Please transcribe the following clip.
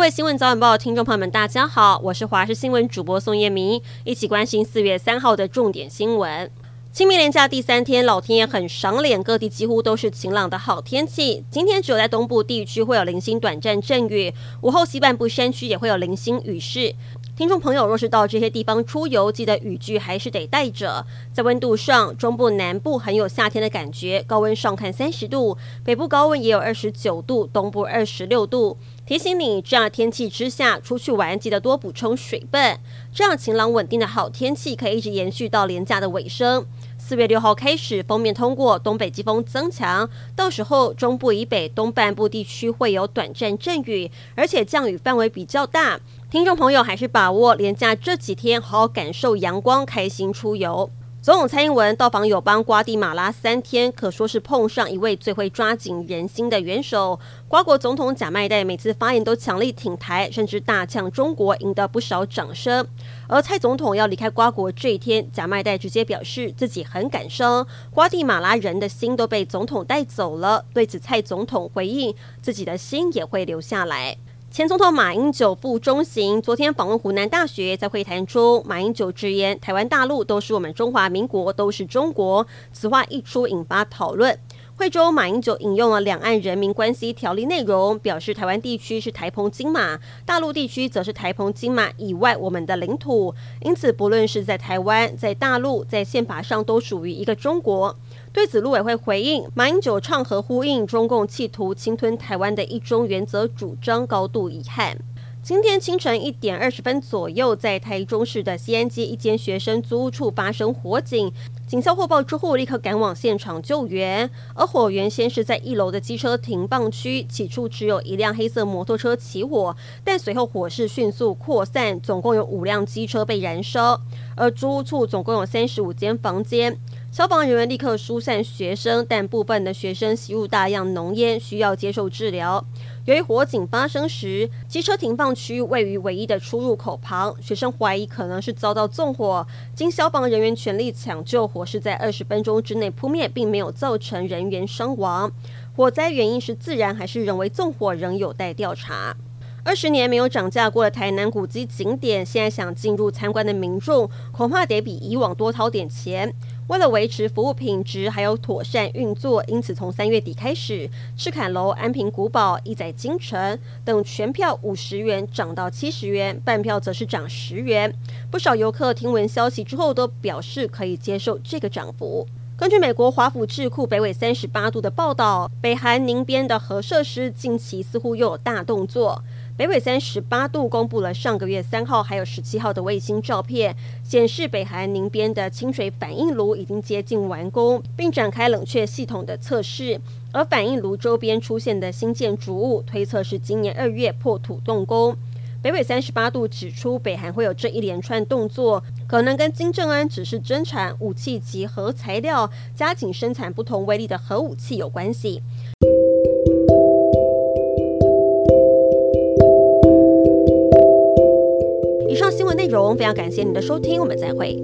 各位新聞早晚報的聽眾朋友們，大家好，我是華視新聞主播宋燕明，一起關心四月三號的重點新聞。清明連假第三天，老天爺很賞臉，各地幾乎都是晴朗的好天氣。今天只有在東部地區會有零星短暫陣雨，午後西半部山區也會有零星雨勢。聽眾朋友，若是到這些地方出遊，記得雨具還是得帶着。在溫度上，中部、南部很有夏天的感覺，高溫上看三十度，北部高溫也有二十九度，東部二十六度。提醒你，這樣天氣之下，出去玩記得多補充水分。這樣晴朗穩定的好天氣可以一直延續到連假的尾聲。四月六號開始，鋒面通過，東北季風增強，到時候中部以北、東半部地區會有短暫陣雨，而且降雨範圍比較大。聽眾朋友還是把握連假這幾天，好好感受陽光，開心出遊。總統蔡英文到訪友邦瓜地馬拉三天，可說是碰上一位最會抓緊人心的元首。瓜國總統賈麥岱每次發言都強力挺台，甚至大嗆中國，贏得不少掌聲。而蔡總統要離開瓜國這一天，賈麥岱直接表示自己很感傷，瓜地馬拉人的心都被總統帶走了。對此，蔡總統回應，自己的心也會留下來。前總統馬英九赴中行，昨天訪問湖南大學，在會談中，馬英九直言：“台灣、大陸都是我們中華民國，都是中國。”此話一出，引發討論。惠州馬英九引用了《兩岸人民關係條例》內容，表示台灣地區是台澎金馬，大陸地區則是台澎金馬以外我們的領土，因此不論是在台灣、在大陸、在大陸、在憲法上，都屬於一個中國。對此，陸委會回應，馬英九唱和呼應，中共企圖侵吞台灣的一中原則主張，高度遺憾。今天清晨一點二十分左右，在台中市的西安街一間學生租屋處發生火警。警消獲報之後，立刻趕往現場救援。而火源先是在一樓的機車停放區，起初只有一輛黑色摩托車起火，但隨後火勢迅速擴散，總共有五輛機車被燃燒。而租屋處總共有三十五間房間，消防人員立刻疏散學生，但部分的學生吸入大量濃煙，需要接受治療。由於火警發生時，機車停放區位於唯一的出入口旁，學生懷疑可能是遭到縱火。經消防人員全力搶救，火勢在二十分鐘之內撲滅，並沒有造成人員傷亡。火災原因是自燃還是人為縱火，仍有待調查。二十年沒有漲價過的台南古蹟景點，現在想進入參觀的民眾，恐怕得比以往多掏點錢。為了維持服務品質，還有妥善運作，因此從三月底開始，赤崁樓、安平古堡、億載金城等全票五十元漲到七十元，半票則是漲十元。不少遊客聽聞消息之後，都表示可以接受這個漲幅。根據美國華府智庫北緯三十八度的報道，北韓寧邊的核設施近期似乎又有大動作。北緯三十八度公布了上個月三號還有十七號的衛星照片，顯示北韓寧邊的清水反應爐已經接近完工，並展開冷卻系統的測試。而反應爐周邊出現的新建築物，推測是今年二月破土動工。北緯三十八度指出，北韓會有這一連串動作，可能跟金正恩指示增產武器及核材料，加緊生產不同威力的核武器有關係。新聞內容，非常感謝你的收聽，我們再會。